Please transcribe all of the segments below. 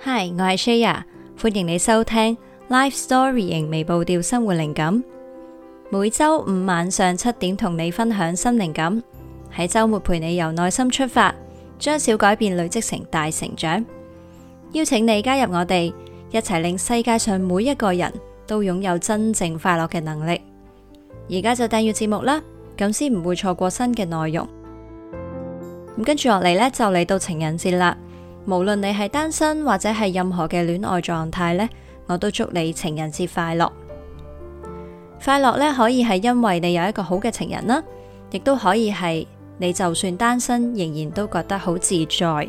Hi，我係 Shaya，歡迎你收聽 Life Storying 微步調生活靈感，每周五晚上七點同你分享新靈感，喺周末陪你由內心出發，將小改變累積成大成長。邀請你加入我哋，一齊令世界上每一個人都擁有真正快樂嘅能力。而家就訂閱節目啦，咁先唔會錯過新嘅內容。咁跟住落嚟呢，就嚟到情人節啦。無論你係單身或者係任何嘅戀愛狀態呢，我都祝你情人節快樂。快樂呢，可以係因為你有一個好嘅情人啦，亦都可以係你就算單身仍然都覺得好自在。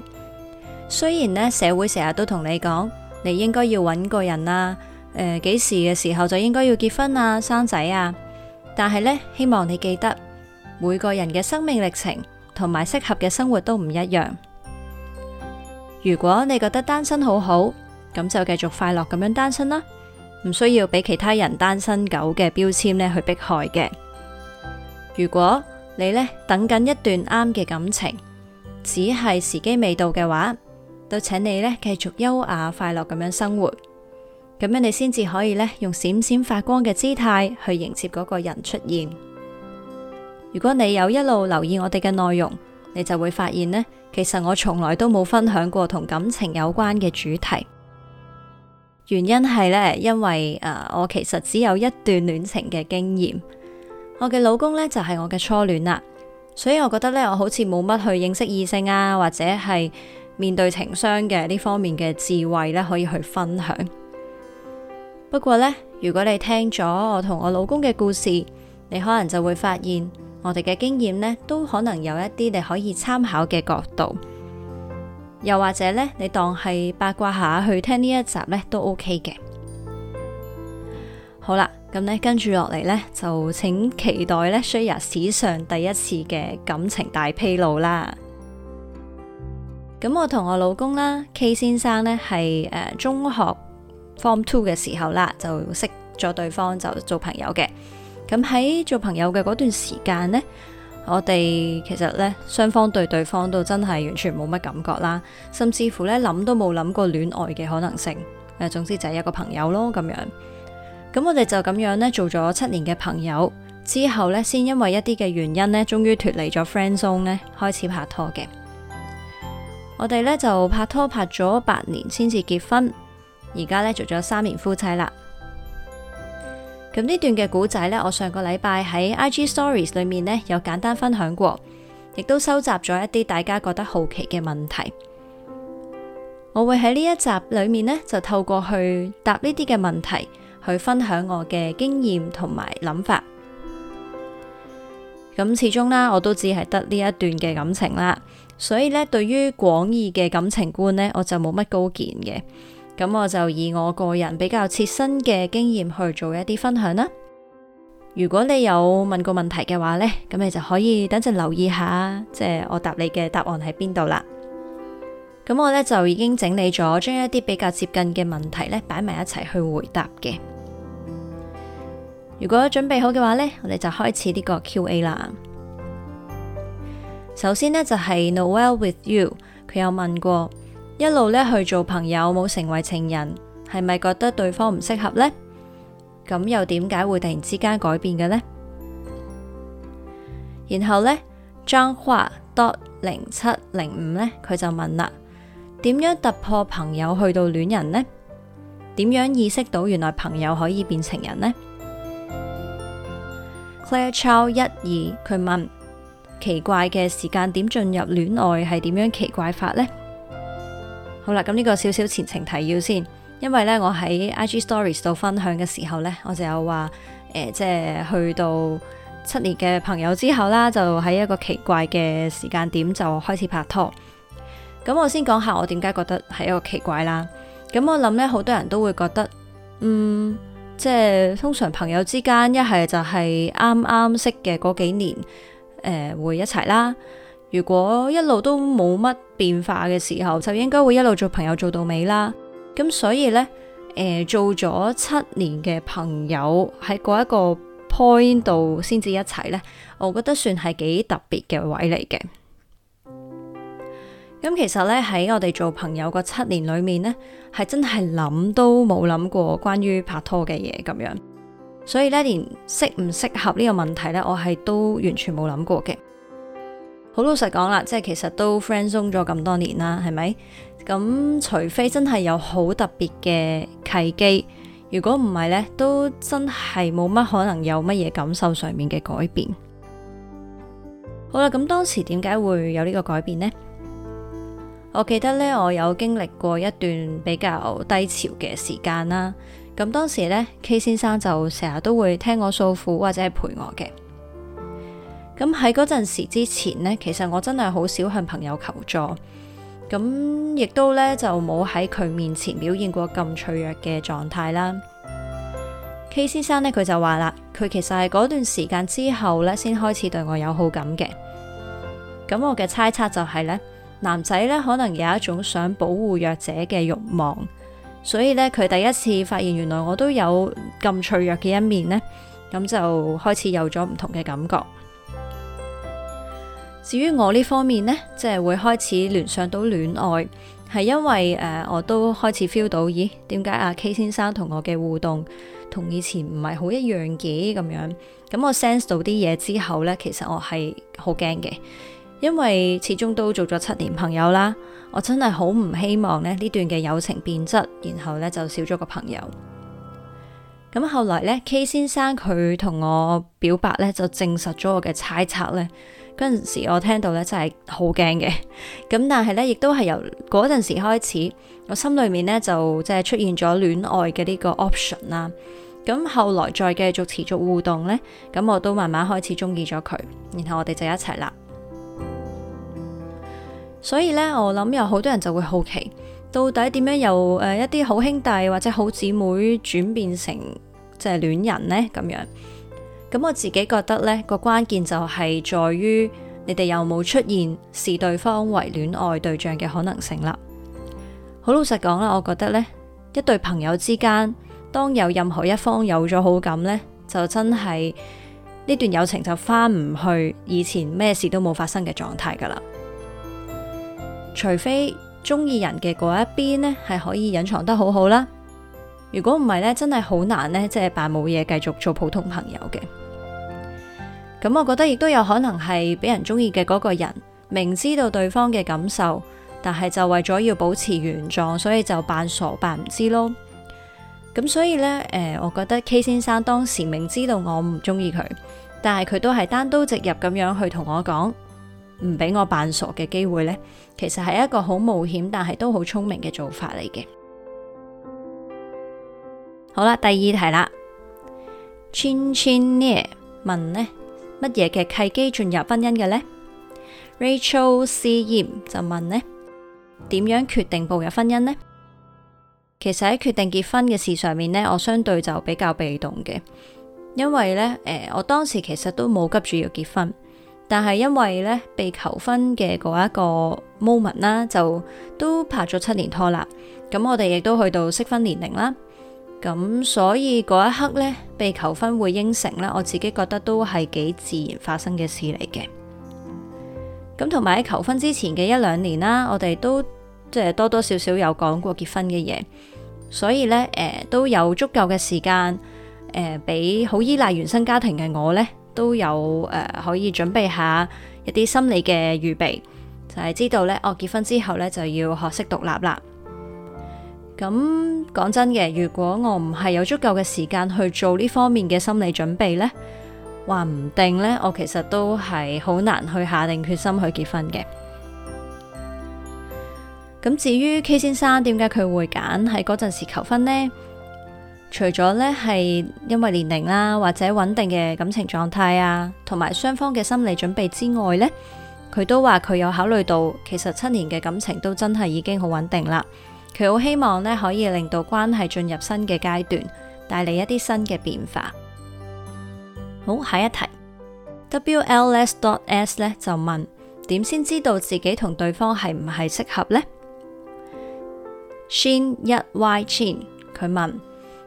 雖然呢，社會成日都同你講，你應該要搵個人啦，啊，誒、呃、幾時嘅時候就應該要結婚啊，生仔啊，但係呢，希望你記得，每個人嘅生命歷程同埋適合嘅生活都唔一樣。如果你覺得單身好好，咁就繼續快樂咁樣單身啦，唔需要俾其他人單身狗嘅標籤呢去迫害嘅。如果你呢等緊一段啱嘅感情，只係時機未到嘅話，都請你呢繼續優雅快樂咁樣生活，咁樣你先至可以呢用閃閃發光嘅姿態去迎接嗰個人出現。如果你有一路留意我哋嘅內容，你就會發現呢。其實我從來都冇分享過同感情有關嘅主題，原因係呢，因為誒、呃，我其實只有一段戀情嘅經驗，我嘅老公呢，就係、是、我嘅初戀啦，所以我覺得呢，我好似冇乜去認識異性啊，或者係面對情傷嘅呢方面嘅智慧呢，可以去分享。不過呢，如果你聽咗我同我老公嘅故事，你可能就會發現。我哋嘅經驗咧，都可能有一啲你可以參考嘅角度，又或者咧，你當係八卦下去聽呢一集咧，都 OK 嘅。好啦，咁咧跟住落嚟呢，就請期待呢 Shaya 史上第一次嘅感情大披露啦。咁我同我老公啦，K 先生呢係誒、呃、中學 form two 嘅時候啦，就識咗對方就做朋友嘅。咁喺做朋友嘅嗰段時間呢，我哋其實呢，雙方對對方都真係完全冇乜感覺啦，甚至乎呢，諗都冇諗過戀愛嘅可能性。誒，總之就係一個朋友咯咁樣。咁我哋就咁樣呢，做咗七年嘅朋友，之後呢，先因為一啲嘅原因呢，終於脫離咗 friend zone 呢，開始拍拖嘅。我哋呢，就拍拖拍咗八年，先至結婚，而家呢，做咗三年夫妻啦。咁呢段嘅古仔呢，我上個禮拜喺 IG Stories 裏面呢，有簡單分享過，亦都收集咗一啲大家覺得好奇嘅問題。我會喺呢一集裏面呢，就透過去答呢啲嘅問題，去分享我嘅經驗同埋諗法。咁始終啦，我都只係得呢一段嘅感情啦，所以呢，對於廣義嘅感情觀呢，我就冇乜高見嘅。咁我就以我個人比較切身嘅經驗去做一啲分享啦。如果你有問過問題嘅話呢，咁你就可以等陣留意下，即係我答你嘅答案喺邊度啦。咁我呢，就已經整理咗，將一啲比較接近嘅問題呢擺埋一齊去回答嘅。如果準備好嘅話呢，我哋就開始呢個 Q&A 啦。首先呢，就係 Noel with you，佢有問過。一路呢去做朋友，冇成為情人，係咪覺得對方唔適合呢？咁又點解會突然之間改變嘅呢？然後呢，zhanghua dot 零七零五呢，佢就問啦：點樣突破朋友去到戀人呢？點樣意識到原來朋友可以變情人呢？claire. chow 一二佢問：奇怪嘅時間點進入戀愛係點樣奇怪法呢？好啦，咁呢個少少前情提要先，因為呢，我喺 IG Stories 度分享嘅時候呢，我就有話，誒、呃，即係去到七年嘅朋友之後啦，就喺一個奇怪嘅時間點就開始拍拖。咁我先講下我點解覺得係一個奇怪啦。咁我諗呢，好多人都會覺得，嗯，即係通常朋友之間一係就係啱啱識嘅嗰幾年，誒、呃，會一齊啦。如果一路都冇乜變化嘅時候，就應該會一路做朋友做到尾啦。咁所以呢，誒、呃、做咗七年嘅朋友喺嗰一個 point 度先至一齊呢，我覺得算係幾特別嘅位嚟嘅。咁其實呢，喺我哋做朋友個七年裏面呢，係真係諗都冇諗過關於拍拖嘅嘢咁樣，所以呢，連適唔適合呢個問題呢，我係都完全冇諗過嘅。好老實講啦，即係其實都 friend zone 咗咁多年啦，係咪？咁除非真係有好特別嘅契機，如果唔係呢，都真係冇乜可能有乜嘢感受上面嘅改變。好啦，咁當時點解會有呢個改變呢？我記得呢，我有經歷過一段比較低潮嘅時間啦。咁當時呢，K 先生就成日都會聽我訴苦，或者係陪我嘅。咁喺嗰陣時之前呢，其實我真係好少向朋友求助，咁亦都咧就冇喺佢面前表現過咁脆弱嘅狀態啦。K 先生呢，佢就話啦，佢其實係嗰段時間之後咧，先開始對我有好感嘅。咁我嘅猜測就係呢，男仔咧可能有一種想保護弱者嘅慾望，所以咧佢第一次發現原來我都有咁脆弱嘅一面呢，咁就開始有咗唔同嘅感覺。至於我呢方面呢，即係會開始聯想到戀愛，係因為誒、呃，我都開始 feel 到，咦，點解阿 K 先生同我嘅互動同以前唔係好一樣嘅咁樣？咁我 sense 到啲嘢之後呢，其實我係好驚嘅，因為始終都做咗七年朋友啦，我真係好唔希望呢呢段嘅友情變質，然後呢就少咗個朋友。咁後來呢，K 先生佢同我表白呢，就證實咗我嘅猜測呢。嗰陣時我聽到咧真係好驚嘅，咁但係咧亦都係由嗰陣時開始，我心裏面咧就即係出現咗戀愛嘅呢個 option 啦。咁後來再繼續持續互動咧，咁我都慢慢開始中意咗佢，然後我哋就一齊啦。所以咧，我諗有好多人就會好奇，到底點樣由誒一啲好兄弟或者好姊妹轉變成即係戀人呢？咁樣。咁我自己覺得呢個關鍵就係在於你哋有冇出現視對方為戀愛對象嘅可能性啦。好老實講啦，我覺得呢一對朋友之間，當有任何一方有咗好感呢，就真係呢段友情就返唔去以前咩事都冇發生嘅狀態噶啦。除非中意人嘅嗰一邊呢係可以隱藏得好好啦。如果唔係呢，真係好難呢，即係扮冇嘢繼續做普通朋友嘅。咁、嗯，我覺得亦都有可能係俾人中意嘅嗰個人，明知道對方嘅感受，但係就為咗要保持原狀，所以就扮傻扮唔知咯。咁、嗯、所以呢，誒、呃，我覺得 K 先生當時明知道我唔中意佢，但係佢都係單刀直入咁樣去同我講，唔俾我扮傻嘅機會呢，其實係一個好冒險，但係都好聰明嘅做法嚟嘅。好啦，第二題啦，千千呢問呢。乜嘢嘅契機進入婚姻嘅呢？Rachel 施炎就問，呢點樣決定步入婚姻呢？」其實喺決定結婚嘅事上面呢，我相對就比較被動嘅，因為呢，誒、呃，我當時其實都冇急住要結婚，但係因為呢，被求婚嘅嗰一個 moment 啦，啊，就都拍咗七年拖啦，咁我哋亦都去到適婚年齡啦。咁所以嗰一刻呢，被求婚會應承呢，我自己覺得都係幾自然發生嘅事嚟嘅。咁同埋喺求婚之前嘅一兩年啦，我哋都即係、呃、多多少少有講過結婚嘅嘢，所以呢，誒、呃、都有足夠嘅時間，誒俾好依賴原生家庭嘅我呢，都有誒、呃、可以準備一下一啲心理嘅預備，就係、是、知道呢，我結婚之後呢，就要學識獨立啦。咁講真嘅，如果我唔係有足夠嘅時間去做呢方面嘅心理準備呢，話唔定呢，我其實都係好難去下定決心去結婚嘅。咁至於 K 先生點解佢會揀喺嗰陣時求婚呢？除咗呢係因為年齡啦，或者穩定嘅感情狀態啊，同埋雙方嘅心理準備之外呢，佢都話佢有考慮到，其實七年嘅感情都真係已經好穩定啦。佢好希望呢，可以令到關係進入新嘅階段，帶嚟一啲新嘅變化。好，下一題，WLS.S 呢，就問點先知道自己同對方係唔係適合呢？Sheen 一 Y Chin，佢問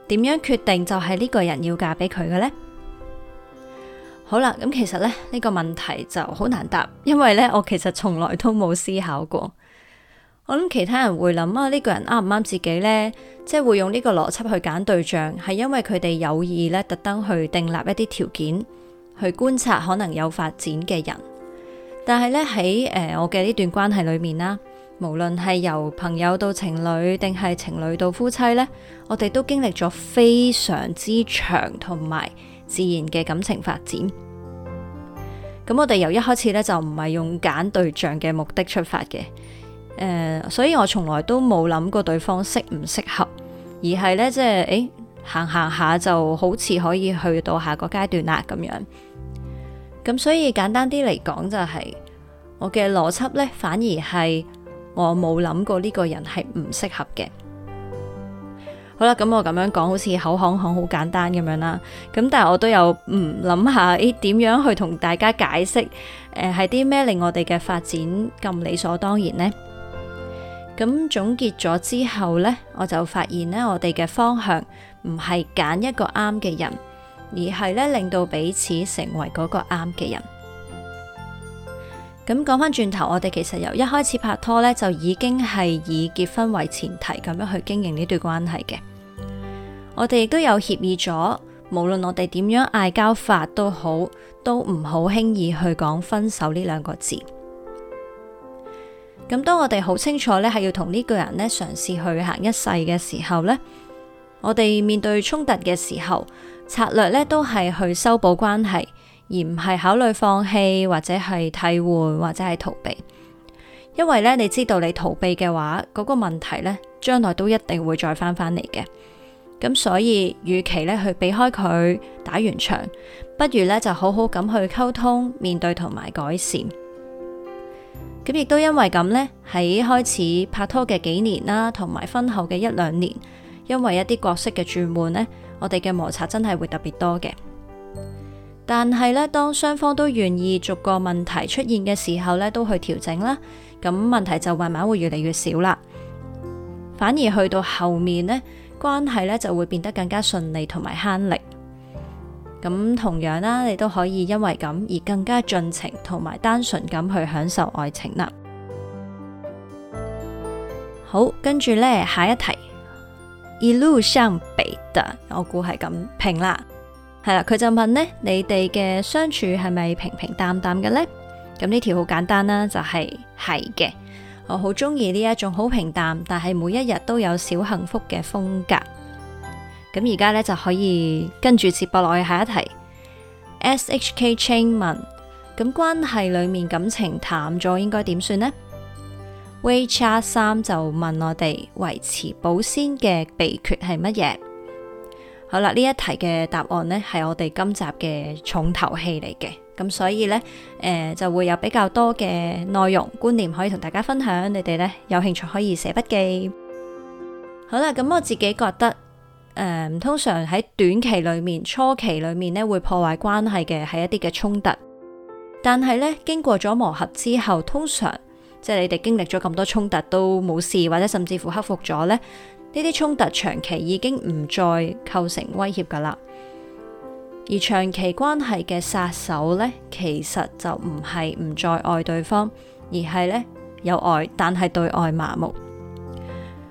點樣決定就係呢個人要嫁俾佢嘅呢？好啦，咁其實呢呢呢個問題就好難答，因為呢，我其實從來都冇思考過。我諗其他人會諗啊，呢個人啱唔啱自己呢？即係會用呢個邏輯去揀對象，係因為佢哋有意咧特登去訂立一啲條件去觀察可能有發展嘅人。但係咧喺誒我嘅呢段關係裏面啦，無論係由朋友到情侶，定係情侶到夫妻呢，我哋都經歷咗非常之長同埋自然嘅感情發展。咁我哋由一開始咧就唔係用揀對象嘅目的出發嘅。誒，uh, 所以我從來都冇諗過對方適唔適合，而係咧即係誒行行下就好似可以去到下個階段啦，咁樣咁。所以簡單啲嚟講，就係我嘅邏輯咧，反而係我冇諗過呢個人係唔適合嘅。好啦，咁我咁樣講好似口行行好簡單咁樣啦。咁但係我都有唔諗下，誒、欸、點樣去同大家解釋誒係啲咩令我哋嘅發展咁理所當然呢？咁總結咗之後呢，我就發現呢，我哋嘅方向唔係揀一個啱嘅人，而係呢，令到彼此成為嗰個啱嘅人。咁講翻轉頭，我哋其實由一開始拍拖呢，就已經係以結婚為前提咁樣去經營呢段關係嘅。我哋亦都有協議咗，無論我哋點樣嗌交法都好，都唔好輕易去講分手呢兩個字。咁當我哋好清楚咧，係要同呢個人咧嘗試去行一世嘅時候咧，我哋面對衝突嘅時候，策略咧都係去修補關係，而唔係考慮放棄或者係替換或者係逃避，因為咧你知道你逃避嘅話，嗰個問題咧將來都一定會再翻返嚟嘅。咁所以，與其咧去避開佢打完場，不如咧就好好咁去溝通、面對同埋改善。咁亦都因為咁呢，喺開始拍拖嘅幾年啦，同埋婚後嘅一兩年，因為一啲角色嘅轉換呢，我哋嘅摩擦真係會特別多嘅。但係呢，當雙方都願意逐個問題出現嘅時候呢，都去調整啦，咁問題就慢慢會越嚟越少啦。反而去到後面呢，關係呢就會變得更加順利同埋慳力。咁同樣啦，你都可以因為咁而更加盡情同埋單純咁去享受愛情啦。好，跟住咧下一題，i l l u s o n Beta，我估係咁評啦，係啦，佢就問：「呢你哋嘅相處係咪平平淡淡嘅呢？」咁呢條好簡單啦，啊，就係係嘅，我好中意呢一種好平淡，但係每一日都有小幸福嘅風格。咁而家咧就可以跟住接駁落去下一題。S. H. K. Chain 問，咁關係裏面感情淡咗，應該點算呢？WeChat 三就問我哋維持保鮮嘅秘訣係乜嘢？好啦，呢一題嘅答案呢係我哋今集嘅重頭戲嚟嘅，咁所以呢，誒、呃、就會有比較多嘅內容觀念可以同大家分享。你哋呢，有興趣可以寫筆記。好啦，咁我自己覺得。誒，um, 通常喺短期裏面、初期裏面咧會破壞關係嘅係一啲嘅衝突，但係咧經過咗磨合之後，通常即係你哋經歷咗咁多衝突都冇事，或者甚至乎克服咗咧呢啲衝突，長期已經唔再構成威脅噶啦。而長期關係嘅殺手咧，其實就唔係唔再愛對方，而係咧有愛，但係對愛麻木。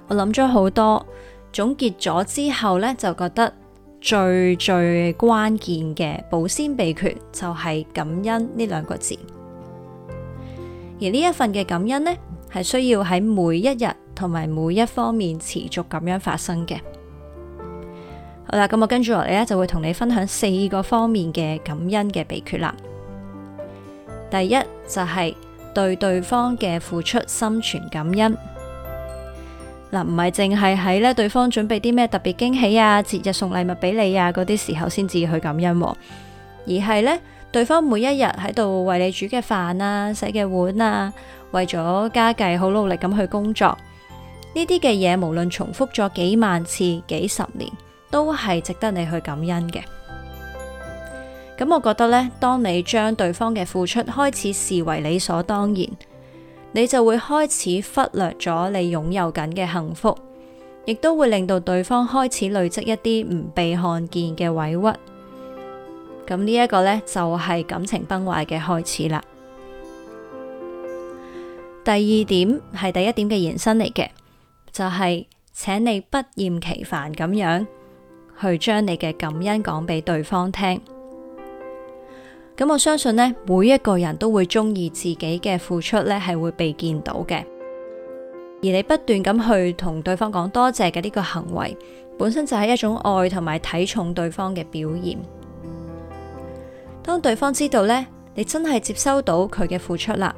我諗咗好多。總結咗之後呢，就覺得最最關鍵嘅保鮮秘訣就係感恩呢兩個字。而呢一份嘅感恩呢，係需要喺每一日同埋每一方面持續咁樣發生嘅。好啦，咁我跟住落嚟呢，就會同你分享四個方面嘅感恩嘅秘訣啦。第一就係對對方嘅付出心存感恩。嗱，唔係淨係喺咧對方準備啲咩特別驚喜啊、節日送禮物俾你啊嗰啲時候先至去感恩啊，而係呢對方每一日喺度為你煮嘅飯啊、洗嘅碗啊，為咗家計好努力咁去工作，呢啲嘅嘢無論重複咗幾萬次、幾十年，都係值得你去感恩嘅。咁我覺得呢，當你將對方嘅付出開始視為理所當然。你就會開始忽略咗你擁有緊嘅幸福，亦都會令到對方開始累積一啲唔被看見嘅委屈。咁呢一個呢，就係感情崩壞嘅開始啦。第二點係第一點嘅延伸嚟嘅，就係請你不厭其煩咁樣去將你嘅感恩講俾對方聽。咁我相信呢，每一個人都會中意自己嘅付出呢係會被見到嘅。而你不斷咁去同對方講多謝嘅呢個行為，本身就係一種愛同埋睇重對方嘅表現。當對方知道呢，你真係接收到佢嘅付出啦，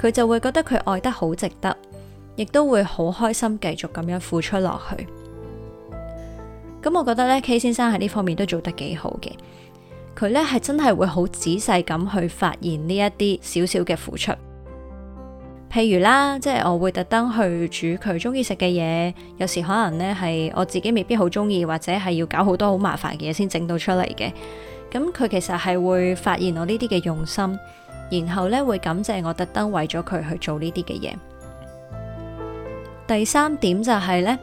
佢就會覺得佢愛得好值得，亦都會好開心繼續咁樣付出落去。咁我覺得呢，K 先生喺呢方面都做得幾好嘅。佢咧係真係會好仔細咁去發現呢一啲小小嘅付出。譬如啦，即係我會特登去煮佢中意食嘅嘢，有時可能呢係我自己未必好中意，或者係要搞好多好麻煩嘅嘢先整到出嚟嘅。咁佢其實係會發現我呢啲嘅用心，然後呢會感謝我特登為咗佢去做呢啲嘅嘢。第三點就係呢：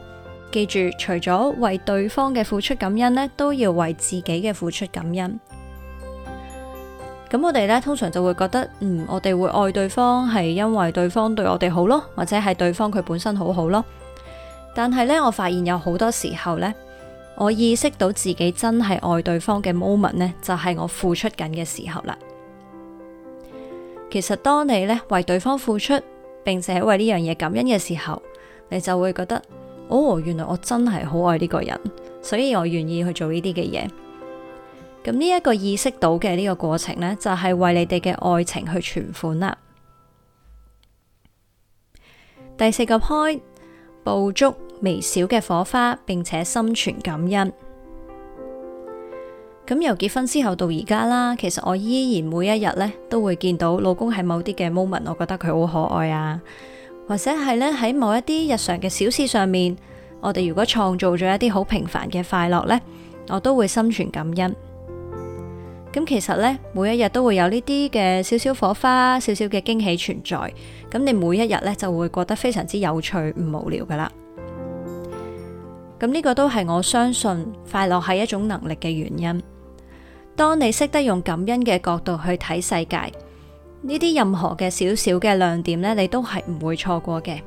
記住，除咗為對方嘅付出感恩，呢都要為自己嘅付出感恩。咁我哋呢通常就會覺得，嗯，我哋會愛對方係因為對方對我哋好咯，或者係對方佢本身好好咯。但係呢，我發現有好多時候呢，我意識到自己真係愛對方嘅 moment 呢，就係我付出緊嘅時候啦。其實當你呢為對方付出，並且為呢樣嘢感恩嘅時候，你就會覺得，哦，原來我真係好愛呢個人，所以我願意去做呢啲嘅嘢。咁呢一個意識到嘅呢個過程呢，就係為你哋嘅愛情去存款啦。第四個 point，捕捉微小嘅火花，並且心存感恩。咁由結婚之後到而家啦，其實我依然每一日呢都會見到老公喺某啲嘅 moment，我覺得佢好可愛啊，或者係呢喺某一啲日常嘅小事上面，我哋如果創造咗一啲好平凡嘅快樂呢，我都會心存感恩。咁其實咧，每一日都會有呢啲嘅少少火花、少少嘅驚喜存在。咁你每一日咧，就會覺得非常之有趣，唔無聊噶啦。咁呢個都係我相信快樂係一種能力嘅原因。當你識得用感恩嘅角度去睇世界，呢啲任何嘅少少嘅亮點咧，你都係唔會錯過嘅。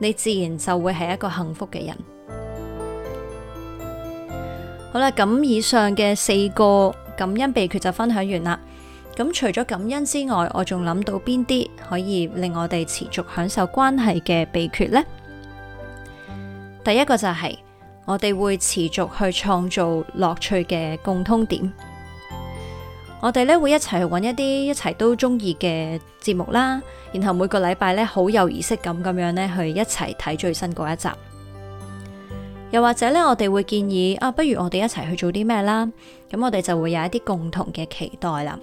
你自然就會係一個幸福嘅人。好啦，咁以上嘅四個。感恩秘訣就分享完啦。咁除咗感恩之外，我仲諗到邊啲可以令我哋持續享受關係嘅秘訣呢？第一個就係、是，我哋會持續去創造樂趣嘅共通點。我哋咧會一齊去揾一啲一齊都中意嘅節目啦，然後每個禮拜咧好有儀式感咁樣咧去一齊睇最新嗰一集。又或者咧，我哋會建議啊，不如我哋一齊去做啲咩啦？咁我哋就會有一啲共同嘅期待啦。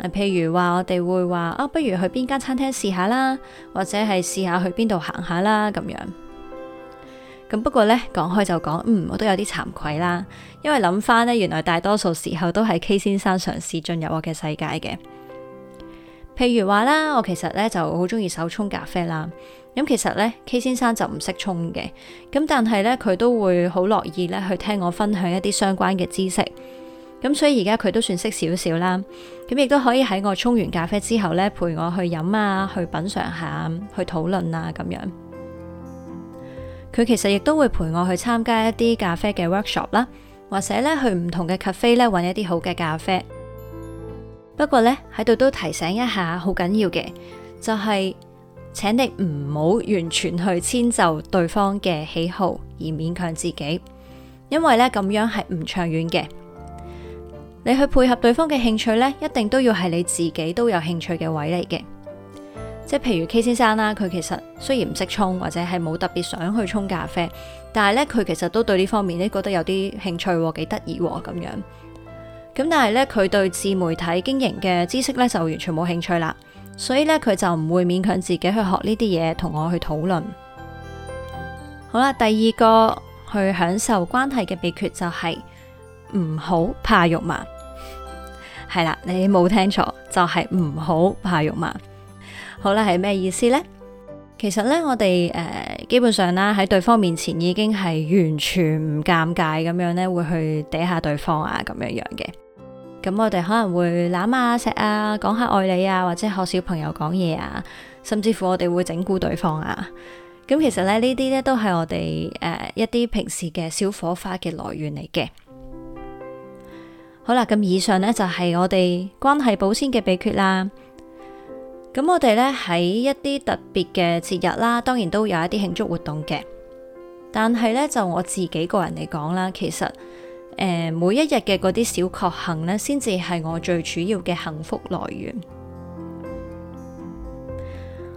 啊，譬如話我哋會話啊，不如去邊間餐廳試下啦，或者係試下去邊度行下啦，咁樣。咁不過呢，講開就講，嗯，我都有啲慚愧啦，因為諗翻呢，原來大多數時候都係 K 先生嘗試進入我嘅世界嘅。譬如話啦，我其實呢就好中意手沖咖啡啦。咁其實呢 K 先生就唔識沖嘅，咁但係呢，佢都會好樂意咧去聽我分享一啲相關嘅知識，咁所以而家佢都算識少少啦，咁亦都可以喺我沖完咖啡之後呢，陪我去飲啊，去品嘗下，去討論啊，咁樣。佢其實亦都會陪我去參加一啲咖啡嘅 workshop 啦，或者呢去唔同嘅 cafe 呢搵一啲好嘅咖啡。不過呢，喺度都提醒一下，好緊要嘅就係。請你唔好完全去遷就對方嘅喜好而勉強自己，因為咧咁樣係唔長遠嘅。你去配合對方嘅興趣咧，一定都要係你自己都有興趣嘅位嚟嘅。即係譬如 K 先生啦，佢其實雖然唔識沖或者係冇特別想去沖咖啡，但係咧佢其實都對呢方面咧覺得有啲興趣，幾得意咁樣。咁但係咧佢對自媒體經營嘅知識咧就完全冇興趣啦。所以咧，佢就唔會勉強自己去學呢啲嘢，同我去討論。好啦，第二個去享受關係嘅秘訣就係唔好怕肉麻。係啦，你冇聽錯，就係唔好怕肉麻。好咧，係咩意思呢？其實呢，我哋誒、呃，基本上啦，喺對方面前已經係完全唔尷尬咁樣咧，會去嗲下對方啊，咁樣樣嘅。咁我哋可能會攬下錫啊，講下愛你啊，或者學小朋友講嘢啊，甚至乎我哋會整蠱對方啊。咁其實咧，呢啲咧都係我哋誒一啲平時嘅小火花嘅來源嚟嘅。好啦，咁以上呢就係我哋關係保鮮嘅秘訣啦。咁我哋咧喺一啲特別嘅節日啦，當然都有一啲慶祝活動嘅。但係咧就我自己個人嚟講啦，其實。誒，每一日嘅嗰啲小確幸呢，先至係我最主要嘅幸福來源。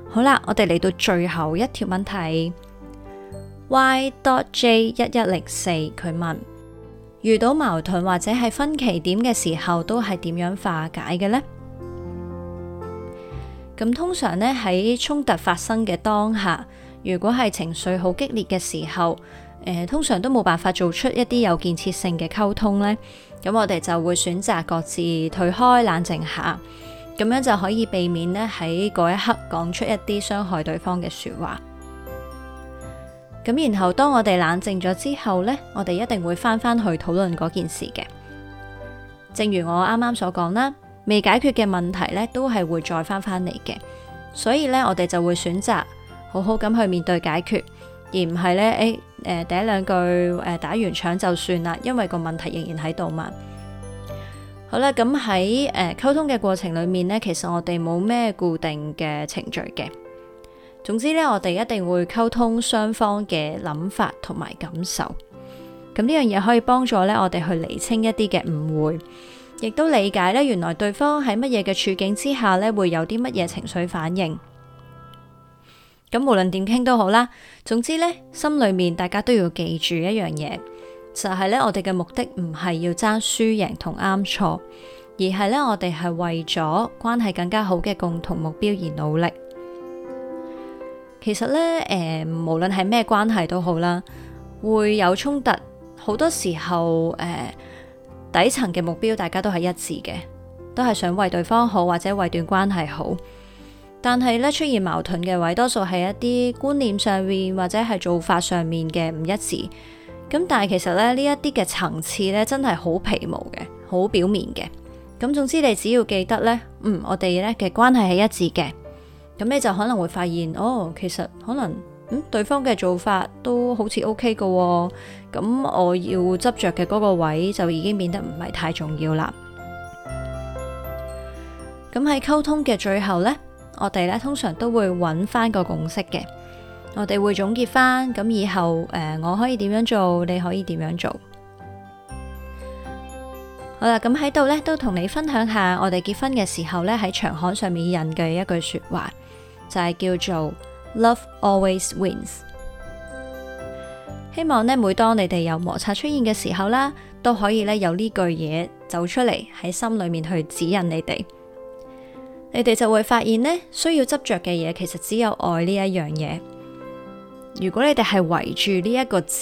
好啦，我哋嚟到最後一條問題，Y J 一一零四佢問：遇到矛盾或者係分歧點嘅時候，都係點樣化解嘅呢？咁通常呢，喺衝突發生嘅當下，如果係情緒好激烈嘅時候。誒，通常都冇辦法做出一啲有建設性嘅溝通呢。咁我哋就會選擇各自退開冷靜下，咁樣就可以避免呢，喺嗰一刻講出一啲傷害對方嘅說話。咁然後當我哋冷靜咗之後呢，我哋一定會翻返去討論嗰件事嘅。正如我啱啱所講啦，未解決嘅問題呢都係會再翻返嚟嘅，所以呢，我哋就會選擇好好咁去面對解決。而唔係咧，誒、哎，誒、呃，第一兩句，誒、呃，打完搶就算啦，因為個問題仍然喺度嘛。好啦，咁喺誒溝通嘅過程裏面呢，其實我哋冇咩固定嘅程序嘅。總之呢，我哋一定會溝通雙方嘅諗法同埋感受。咁呢樣嘢可以幫助呢，我哋去釐清一啲嘅誤會，亦都理解呢，原來對方喺乜嘢嘅處境之下呢，會有啲乜嘢情緒反應。咁無論點傾都好啦，總之呢，心裏面大家都要記住一樣嘢，就係呢，我哋嘅目的唔係要爭輸贏同啱錯，而係呢，我哋係為咗關係更加好嘅共同目標而努力。其實呢，誒，無論係咩關係都好啦，會有衝突，好多時候誒底層嘅目標大家都係一致嘅，都係想為對方好或者為段關係好。但係咧，出現矛盾嘅位，多數係一啲觀念上面或者係做法上面嘅唔一致。咁但係其實咧，呢一啲嘅層次咧，真係好皮毛嘅，好表面嘅。咁總之你只要記得咧，嗯，我哋咧嘅關係係一致嘅。咁你就可能會發現，哦，其實可能嗯對方嘅做法都好似 OK 嘅。咁我要執着嘅嗰個位就已經變得唔係太重要啦。咁喺溝通嘅最後呢。我哋咧通常都會揾翻個共識嘅，我哋會總結翻咁以後誒、呃，我可以點樣做，你可以點樣做。好啦，咁喺度呢都同你分享下，我哋結婚嘅時候呢，喺長刊上面引嘅一句說話，就係、是、叫做 Love always wins。希望呢，每當你哋有摩擦出現嘅時候啦，都可以呢，有呢句嘢走出嚟喺心裏面去指引你哋。你哋就會發現呢，需要執着嘅嘢，其實只有愛呢一樣嘢。如果你哋係圍住呢一個字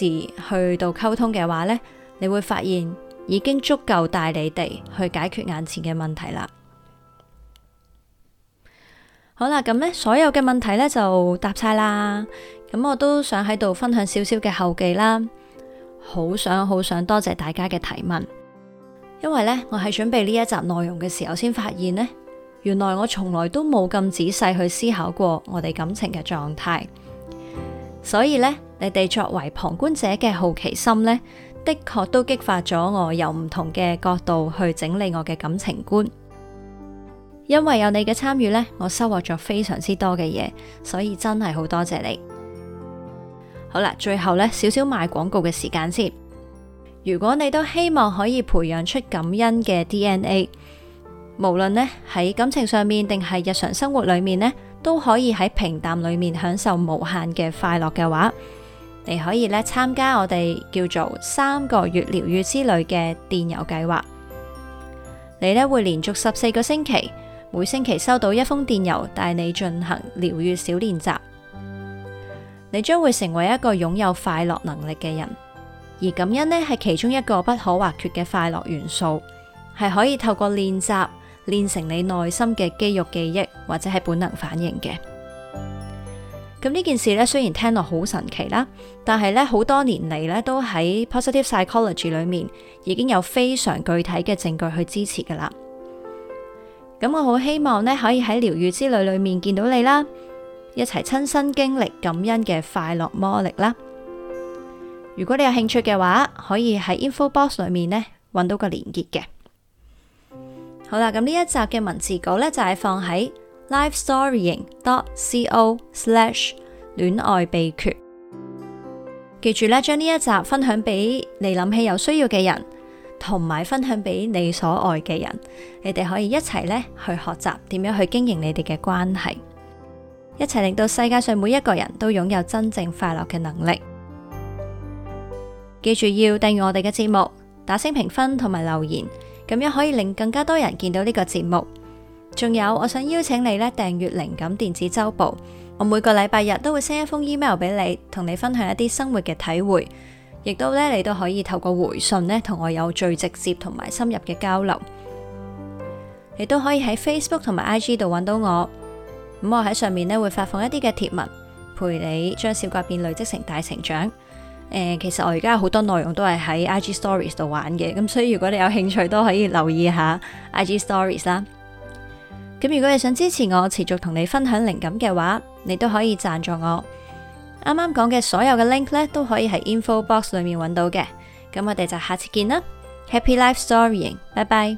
去到溝通嘅話呢，你會發現已經足夠帶你哋去解決眼前嘅問題啦。好啦，咁呢所有嘅問題呢就答晒啦。咁我都想喺度分享少少嘅後記啦。好想好想多謝大家嘅提問，因為呢，我喺準備呢一集內容嘅時候先發現呢。原來我從來都冇咁仔細去思考過我哋感情嘅狀態，所以呢，你哋作為旁觀者嘅好奇心呢，的確都激發咗我由唔同嘅角度去整理我嘅感情觀。因為有你嘅參與呢，我收穫咗非常之多嘅嘢，所以真係好多謝你。好啦，最後呢，少少賣廣告嘅時間先。如果你都希望可以培養出感恩嘅 DNA。無論呢喺感情上面定係日常生活裏面呢，都可以喺平淡裏面享受無限嘅快樂嘅話，你可以咧參加我哋叫做三個月療癒之旅嘅電郵計劃。你呢會連續十四個星期，每星期收到一封電郵，帶你進行療癒小練習。你將會成為一個擁有快樂能力嘅人，而感恩呢係其中一個不可或缺嘅快樂元素，係可以透過練習。練成你內心嘅肌肉記憶或者係本能反應嘅。咁呢件事呢，雖然聽落好神奇啦，但係呢好多年嚟呢，都喺 positive psychology 裏面已經有非常具體嘅證據去支持噶啦。咁我好希望呢，可以喺療癒之旅裏面見到你啦，一齊親身經歷感恩嘅快樂魔力啦。如果你有興趣嘅話，可以喺 info box 裏面呢搵到個連結嘅。好啦，咁呢一集嘅文字稿呢，就係放喺 lifestorying.co/ slash 戀愛秘訣。記住呢，將呢一集分享俾你諗起有需要嘅人，同埋分享俾你所愛嘅人。你哋可以一齊呢去學習點樣去經營你哋嘅關係，一齊令到世界上每一個人都擁有真正快樂嘅能力。記住要訂閱我哋嘅節目，打星評分同埋留言。咁樣可以令更加多人見到呢個節目。仲有，我想邀請你呢，訂閱靈感電子週報。我每個禮拜日都會 send 一封 email 俾你，同你分享一啲生活嘅體會，亦都呢，你都可以透過回信呢，同我有最直接同埋深入嘅交流。你都可以喺 Facebook 同埋 IG 度揾到我。咁我喺上面呢，會發放一啲嘅貼文，陪你將小改變累積成大成長。誒，其實我而家有好多內容都係喺 IG Stories 度玩嘅，咁所以如果你有興趣都可以留意下 IG Stories 啦。咁如果你想支持我持續同你分享靈感嘅話，你都可以贊助我。啱啱講嘅所有嘅 link 咧，都可以喺 info box 裏面揾到嘅。咁我哋就下次見啦，Happy Life Storying，拜拜。